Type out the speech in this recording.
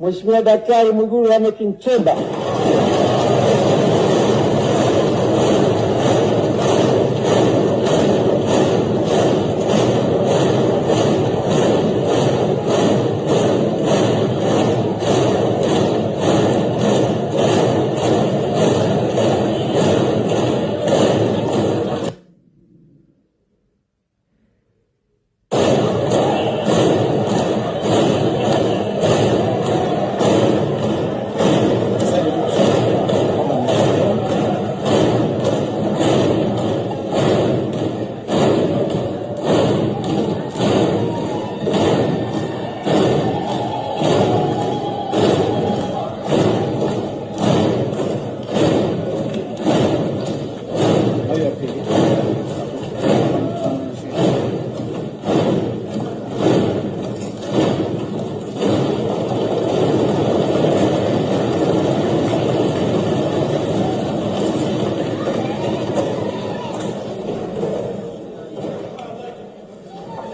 Mheshimiwa Daktari Mwigulu Lameck Nchemba